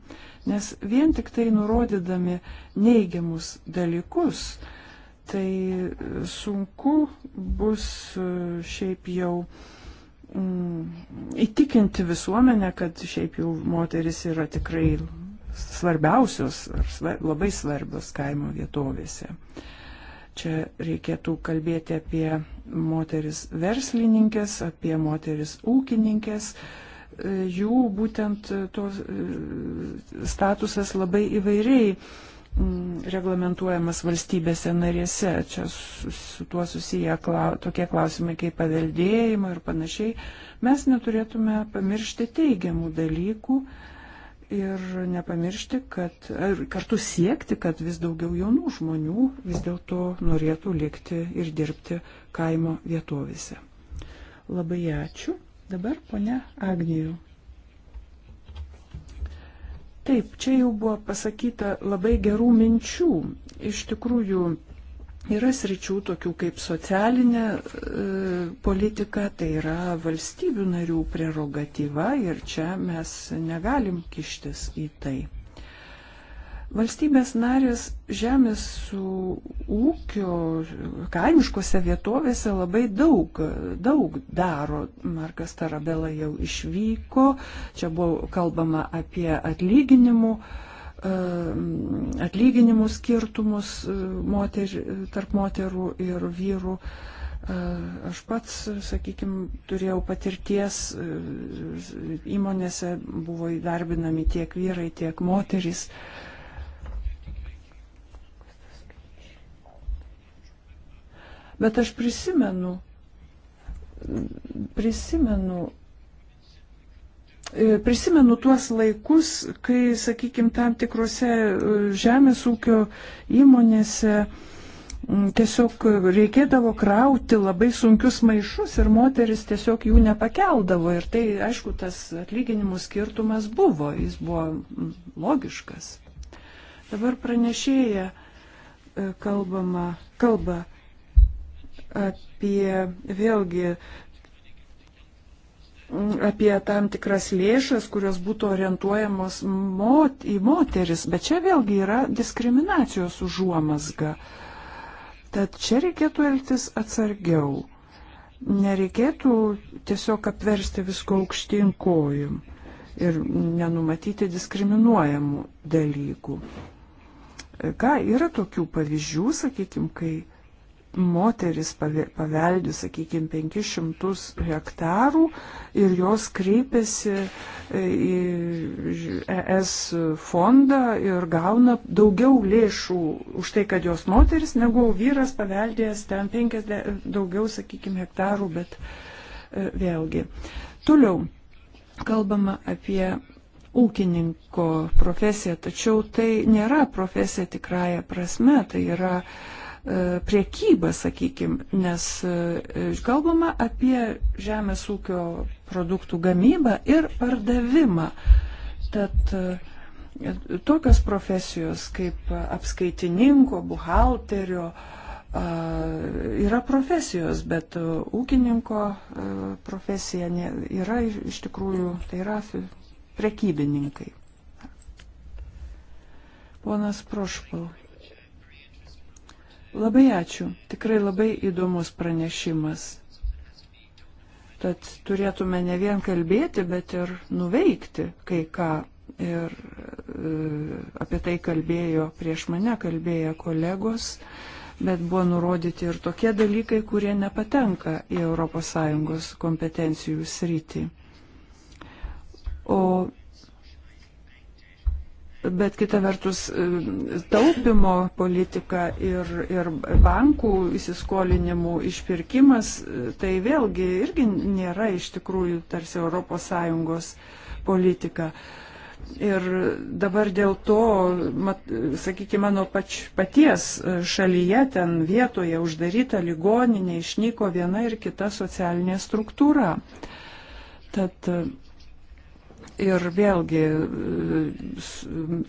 nes vien tik tai nurodydami neigiamus dalykus, tai sunku bus e, šiaip jau uh, Mm, įtikinti visuomenę, kad šiaip jau moteris yra tikrai svarbiausios ar svar, labai svarbios kaimo vietovėse. Čia reikėtų kalbėti apie moteris verslininkės, apie moteris ūkininkės. E, jų būtent tos e, statusas labai įvairiai Mm, reglamentuojamas valstybėse narėse. Čia su, su tuo susiję klau, tokie klausimai kaip paveldėjimo ir panašiai. Mes neturėtume pamiršti teigiamų dalykų ir nepamiršti, kad kartu siekti, kad vis daugiau jaunų žmonių vis dėlto norėtų likti ir dirbti kaimo vietovėse. Labai ačiū. Dabar ponia Agnijų. Taip, čia jau buvo pasakyta labai gerų minčių. Iš tikrųjų, yra sričių tokių kaip socialinė e, politika, tai yra valstybių narių prerogatyva ir čia mes negalim kištis į tai. Valstybės narės žemės ūkio kaimiškose vietovėse labai daug, daug daro. Markas Tarabela jau išvyko, čia buvo kalbama apie atlyginimų, e, atlyginimų skirtumus e, moter, tarp moterų ir vyrų. E, aš pats, sakykime, turėjau patirties, įmonėse buvo įdarbinami tiek vyrai, tiek moteris. Uh, Bet aš prisimenu, prisimenu, e, prisimenu tuos laikus, kai, sakykime, tam tikrose e, žemės ūkio įmonėse tiesiog reikėdavo krauti labai sunkius maišus ir moteris tiesiog jų nepakeldavo. Ir tai, aišku, tas atlyginimų skirtumas buvo, jis buvo logiškas. Dabar pranešėja e, kalbama, kalba apie vėlgi apie tam tikras lėšas, kurios būtų orientuojamos mot, į moteris, bet čia vėlgi yra diskriminacijos užuomasga. Tad čia reikėtų elgtis atsargiau. Nereikėtų tiesiog apversti visko aukštyn kojim ir nenumatyti diskriminuojamų dalykų. Ką yra tokių pavyzdžių, sakykime, kai moteris paveldi, sakykime, 500 hektarų ir jos kreipiasi e, į ES fondą ir gauna daugiau lėšų už tai, kad jos moteris, negu vyras paveldėjęs ten 50, daugiau, sakykime, hektarų, bet e, vėlgi. Toliau kalbama apie ūkininko profesiją, tačiau tai nėra profesija tikrąją prasme, tai yra uh, E, priekybą, sakykime, nes e, kalbama apie žemės ūkio produktų gamybą ir pardavimą. Tad e, tokios profesijos kaip apskaitininko, buhalterio yra profesijos, bet ūkininko profesija yra iš tikrųjų, tai yra prekybininkai. Ponas Prošpal. Labai ačiū. Tikrai labai įdomus pranešimas. Tad turėtume ne vien kalbėti, bet ir nuveikti kai ką. Ir e, apie tai kalbėjo prieš mane, kalbėjo kolegos, bet buvo nurodyti ir tokie dalykai, kurie nepatenka į ES kompetencijų sritį. O Bet kita vertus, e, taupimo politika ir, ir bankų įsiskolinimų išpirkimas, e, tai vėlgi irgi nėra iš tikrųjų tarsi ES politika. Ir dabar dėl to, mat, sakykime, mano pač, paties e, šalyje ten vietoje uždaryta ligoninė, išnyko viena ir kita socialinė struktūra. Tad ir vėlgi e,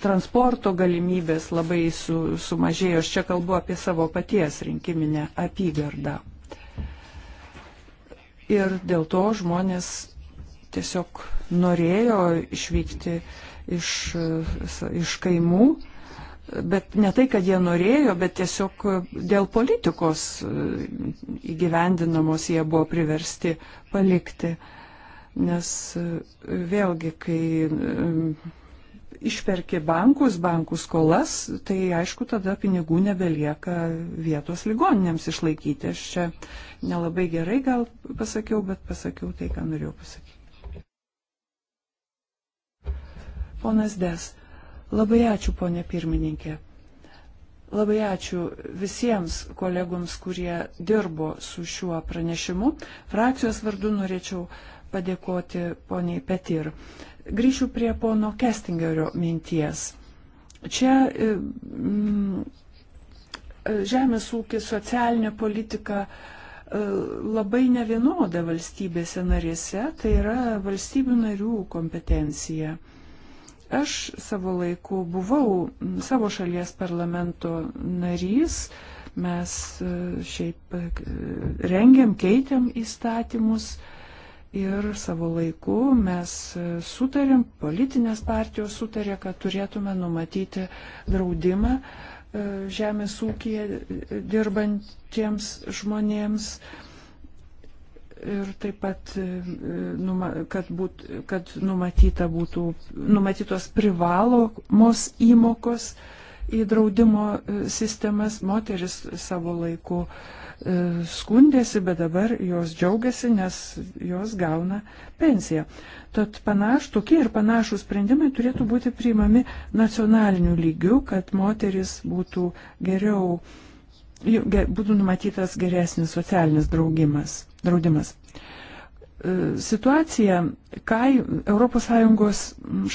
transporto galimybės labai su, sumažėjo. Aš čia kalbu apie savo paties rinkiminę apygardą. Ir dėl to žmonės tiesiog norėjo išvykti iš, e, iš kaimų, bet ne tai, kad jie norėjo, bet tiesiog dėl politikos e, įgyvendinamos jie buvo priversti palikti. Uh, Nes e, vėlgi, kai e, išperki bankus, bankų skolas, tai aišku, tada pinigų nebelieka vietos ligoninėms išlaikyti. Aš čia nelabai gerai gal pasakiau, bet pasakiau tai, ką norėjau pasakyti. Ponas Des, labai ačiū, ponė pirmininkė. Labai ačiū visiems kolegoms, kurie dirbo su šiuo pranešimu. Frakcijos vardu norėčiau padėkoti poniai Petir. Grįšiu prie pono Kestingerio minties. Čia mm, žemės ūkis, socialinė politika e, labai nevienoda valstybėse narėse, tai yra valstybių narių kompetencija. Aš savo laiku buvau savo šalies parlamento narys, mes e, šiaip rengiam, keitėm įstatymus, Ir savo laiku mes sutarėm, politinės partijos sutarė, kad turėtume numatyti draudimą e, žemės ūkija e, dirbantiems žmonėms ir taip pat, e, kad, būt, kad numatyta būtų, numatytos privalomos įmokos į draudimo sistemas. Moteris savo laiku uh, E, skundėsi, bet dabar jos džiaugiasi, nes jos gauna pensiją. Tad panaš, tokie ir panašus sprendimai turėtų būti priimami nacionaliniu lygiu, kad moteris būtų geriau, būtų numatytas geresnis socialinis draugimas, draudimas. E, situacija kai, ES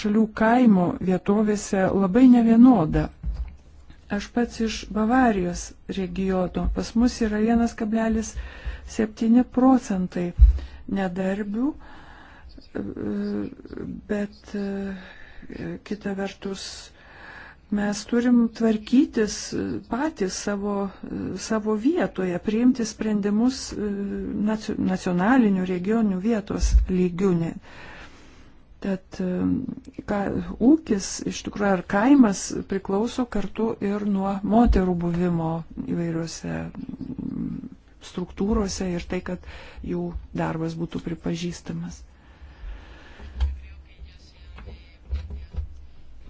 šalių kaimo vietovėse labai nevienoda Aš pats iš Bavarijos regiono. Pas mus yra 1,7 procentai nedarbių, bet kita vertus mes turim tvarkytis patys savo, savo vietoje, priimti sprendimus nacionalinių regionių vietos lygių. Ne, Tad e, ka, ūkis iš tikrųjų ar kaimas priklauso kartu ir nuo moterų buvimo įvairiuose mm, struktūrose ir tai, kad jų darbas būtų pripažįstamas.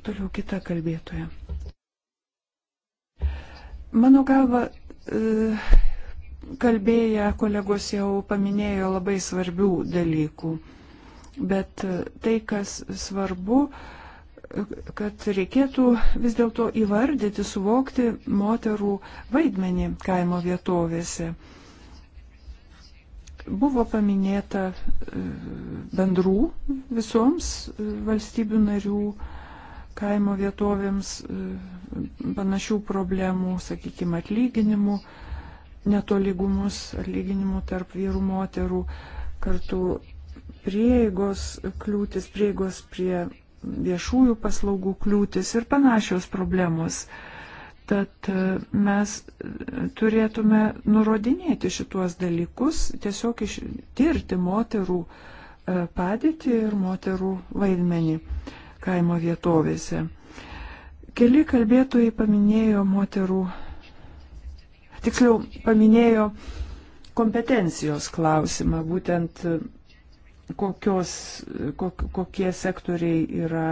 Toliau kita kalbėtoja. Mano galva, e, kalbėję kolegos jau paminėjo labai svarbių dalykų Bet e, tai, kas svarbu, e, kad reikėtų vis dėlto įvardyti, suvokti moterų vaidmenį kaimo vietovėse. Buvo paminėta e, bendrų visoms valstybių narių kaimo vietovėms panašių problemų, sakykime, atlyginimų, netoligumus atlyginimų tarp vyrų moterų, kartu prieigos kliūtis, prieigos prie viešųjų paslaugų kliūtis ir panašios problemos. Tad e, mes turėtume nurodinėti šituos dalykus, tiesiog ištirti moterų e, padėtį ir moterų vaidmenį kaimo vietovėse. Keli kalbėtojai paminėjo moterų, tiksliau paminėjo kompetencijos klausimą, būtent kokios, kok, kokie sektoriai yra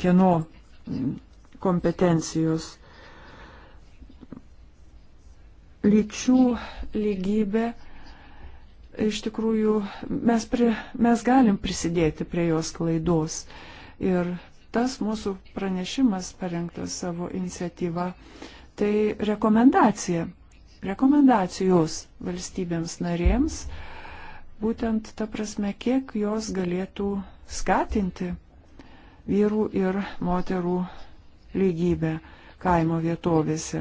kieno kompetencijos. Lyčių lygybė iš tikrųjų mes, pri, mes galim prisidėti prie jos klaidos. Ir tas mūsų pranešimas parengtas savo iniciatyvą, tai rekomendacija, rekomendacijos valstybėms narėms, uh, būtent ta prasme, kiek jos galėtų skatinti vyrų ir moterų lygybę kaimo vietovėse.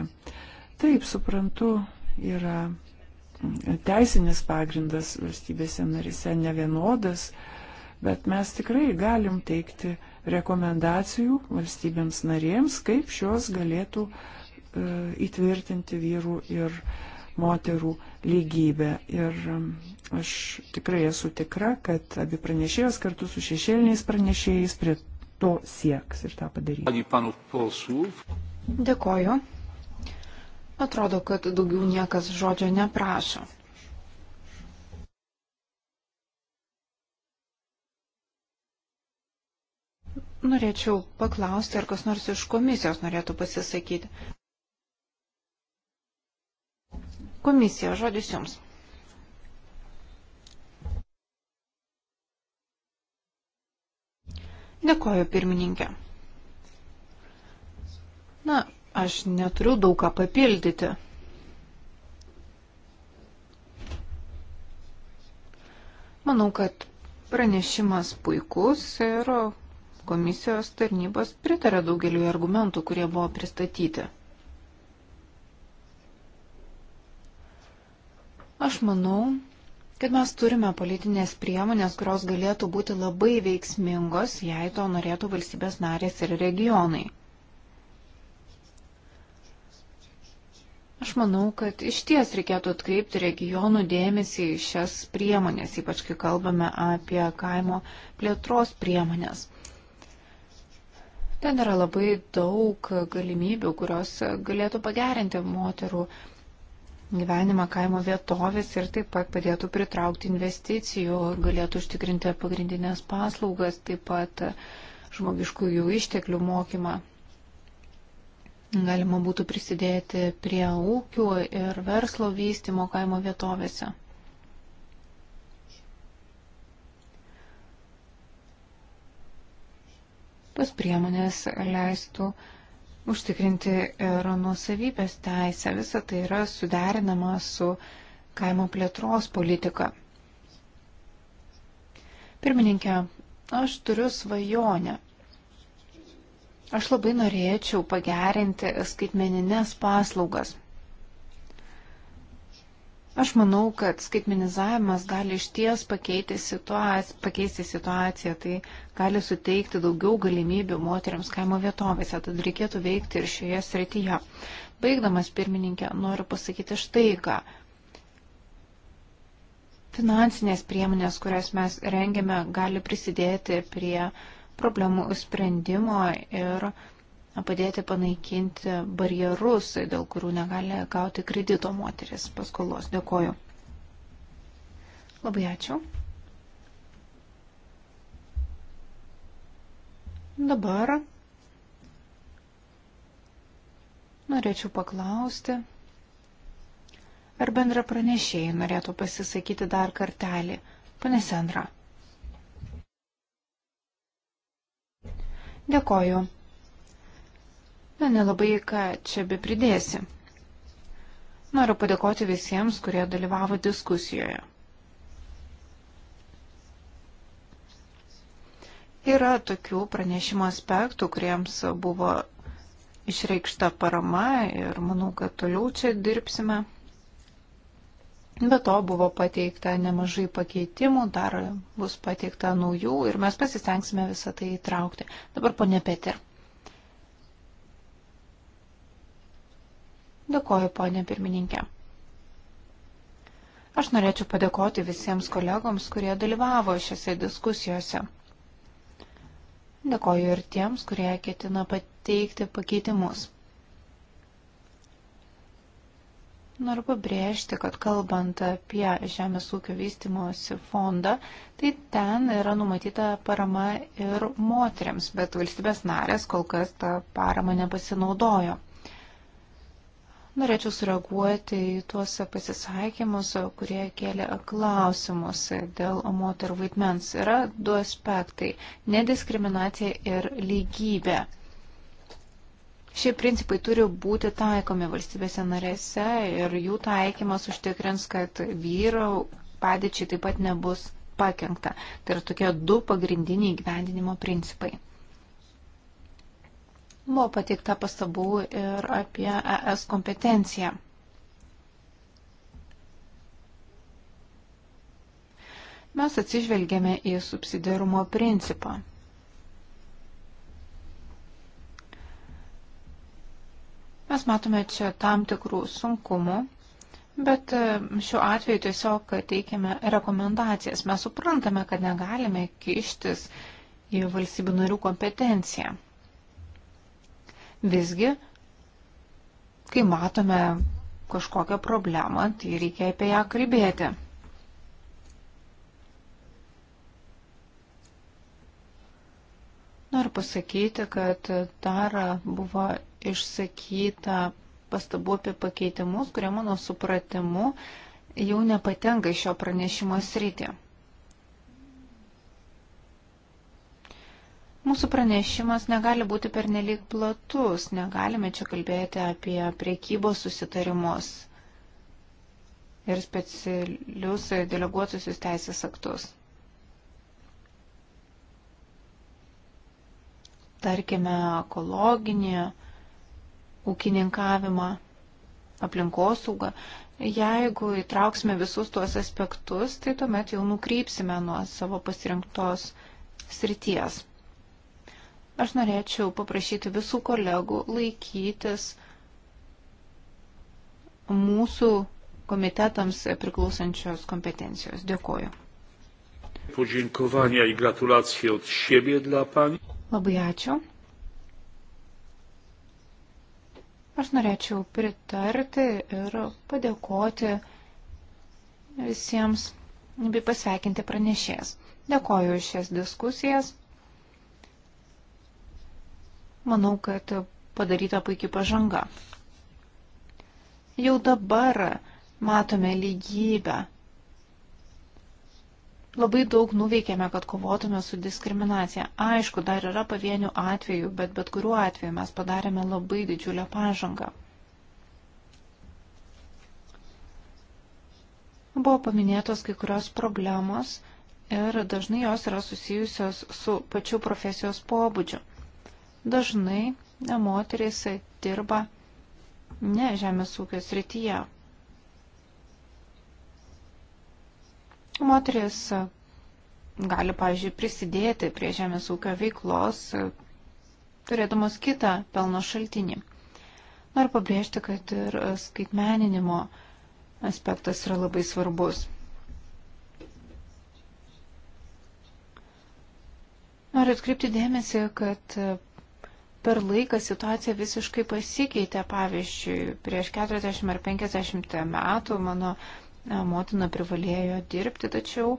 Taip, suprantu, yra teisinis pagrindas valstybėse narise nevienodas, bet mes tikrai galim teikti rekomendacijų valstybėms narėms, kaip šios galėtų e, įtvirtinti vyrų ir moterų moterų lygybę. Ir um, aš tikrai esu tikra, kad abi pranešėjos kartu su šešėliniais pranešėjais prie to sieks ir tą padarys. Dėkoju. Atrodo, kad daugiau niekas žodžio neprašo. Norėčiau paklausti, ar kas nors iš komisijos norėtų pasisakyti. Komisija, žodis jums. Dėkoju, pirmininkė. Na, aš neturiu daug ką papildyti. Manau, kad pranešimas puikus ir komisijos tarnybos pritarė daugeliu argumentų, kurie buvo pristatyti. Aš manau, kad mes turime politinės priemonės, kurios galėtų būti labai veiksmingos, jei to norėtų valstybės narės ir regionai. Aš manau, kad iš ties reikėtų atkreipti regionų dėmesį į šias priemonės, ypač kai kalbame apie kaimo plėtros priemonės. Ten yra labai daug galimybių, kurios galėtų pagerinti moterų gyvenimą kaimo vietovės ir taip pat padėtų pritraukti investicijų, galėtų užtikrinti pagrindinės paslaugas, taip pat žmogiškųjų išteklių mokymą. Galima būtų prisidėti prie ūkių ir verslo vystimo kaimo vietovėse. Tas priemonės leistų uh, užtikrinti ir nuosavybės teisę. Visa tai yra suderinama su kaimo plėtros politika. Pirmininkė, aš turiu svajonę. Aš labai norėčiau pagerinti skaitmeninės paslaugas. Aš manau, kad skaitmenizavimas gali išties situaciją, pakeisti situaciją, tai gali suteikti daugiau galimybių moteriams kaimo vietovėse, tad reikėtų veikti ir šioje srityje. Baigdamas pirmininkė, noriu pasakyti štai ką finansinės priemonės, kurias mes rengiame, gali prisidėti prie problemų sprendimo ir padėti panaikinti barjerus, dėl kurių negali gauti kredito moteris paskolos. Dėkoju. Labai ačiū. Dabar norėčiau paklausti, ar bendra pranešėjai norėtų pasisakyti dar kartelį. Pane Sandra. Dėkoju. Na, nelabai ką čia be pridėsi. Noriu padėkoti visiems, kurie dalyvavo diskusijoje. Yra tokių pranešimo aspektų, kuriems buvo išreikšta parama ir manau, kad toliau čia dirbsime. Be to buvo pateikta nemažai pakeitimų, dar bus pateikta naujų ir mes pasistengsime visą tai įtraukti. Dabar ponė Peter. Dėkoju, ponė pirmininkė. Aš norėčiau padėkoti visiems kolegoms, kurie dalyvavo šiose diskusijose. Dėkoju ir tiems, kurie ketina pateikti pakeitimus. Noriu pabrėžti, kad kalbant apie Žemės ūkio vystimosi fondą, tai ten yra numatyta parama ir moteriams, bet valstybės narės kol kas tą paramą nepasinaudojo. Norėčiau sureaguoti į tuos pasisakymus, kurie kėlė klausimus dėl moterų vaidmens. Yra du aspektai - nediskriminacija ir lygybė. Šie principai turi būti taikomi valstybėse narėse ir jų taikymas užtikrins, kad vyro padėčiai taip pat nebus pakengta. Tai yra tokie du pagrindiniai gyvendinimo principai. Buvo pateikta pastabų ir apie ES kompetenciją. Mes atsižvelgėme į subsidiarumo principą. Mes matome čia tam tikrų sunkumų, bet e, šiuo atveju tiesiog teikiame rekomendacijas. Mes suprantame, kad negalime kištis į valstybių narių kompetenciją. Visgi, kai matome kažkokią problemą, tai reikia apie ją kalbėti. Noriu pasakyti, kad dar buvo išsakyta pastabų apie pakeitimus, kurie mano supratimu jau nepatenka į šio pranešimo sritį. Mūsų pranešimas negali būti pernelyg platus, negalime čia kalbėti apie priekybos susitarimus ir specialius deleguotusius teisės aktus. Tarkime, ekologinį, ūkininkavimą, aplinkosaugą. Jeigu įtrauksime visus tuos aspektus, tai tuomet jau nukrypsime nuo savo pasirinktos srities. Aš norėčiau paprašyti visų kolegų laikytis mūsų komitetams priklausančios kompetencijos. Dėkoju. Podziękowania i gratulacje od siebie dla pani. Labai ačiū. Aš norėčiau pritarti ir padėkoti visiems bei pasveikinti pranešės. Dėkoju už šias diskusijas. Manau, kad padaryta puikia pažanga. Jau dabar matome lygybę. Labai daug nuveikėme, kad kovotume su diskriminacija. Aišku, dar yra pavienių atvejų, bet bet kuriuo atveju mes padarėme labai didžiulę pažangą. Buvo paminėtos kai kurios problemos ir dažnai jos yra susijusios su pačiu profesijos pobūdžiu dažnai moteris dirba ne žemės ūkio srityje. Moteris gali, pavyzdžiui, prisidėti prie žemės ūkio veiklos, turėdamos kitą pelno šaltinį. Noriu pabrėžti, kad ir skaitmeninimo aspektas yra labai svarbus. Noriu atkreipti dėmesį, kad per laiką situacija visiškai pasikeitė. Pavyzdžiui, prieš 40 ar 50 metų mano e, motina privalėjo dirbti, tačiau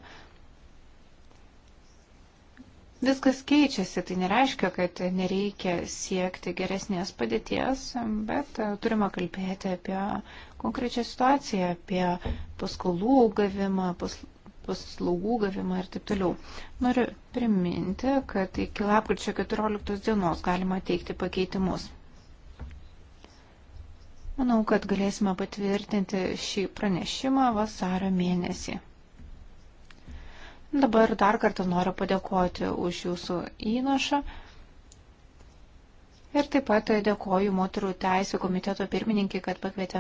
viskas keičiasi. Tai nereiškia, kad nereikia siekti geresnės padėties, bet e, turime kalbėti apie konkrečią situaciją, apie paskolų gavimą, pas, paslaugų gavimą ir taip toliau. Noriu priminti, kad iki lapkričio 14 dienos galima teikti pakeitimus. Manau, kad galėsime patvirtinti šį pranešimą vasario mėnesį. Dabar dar kartą noriu padėkoti už jūsų įnašą. Ir taip pat dėkoju moterų teisų komiteto pirmininkai, kad pakvietė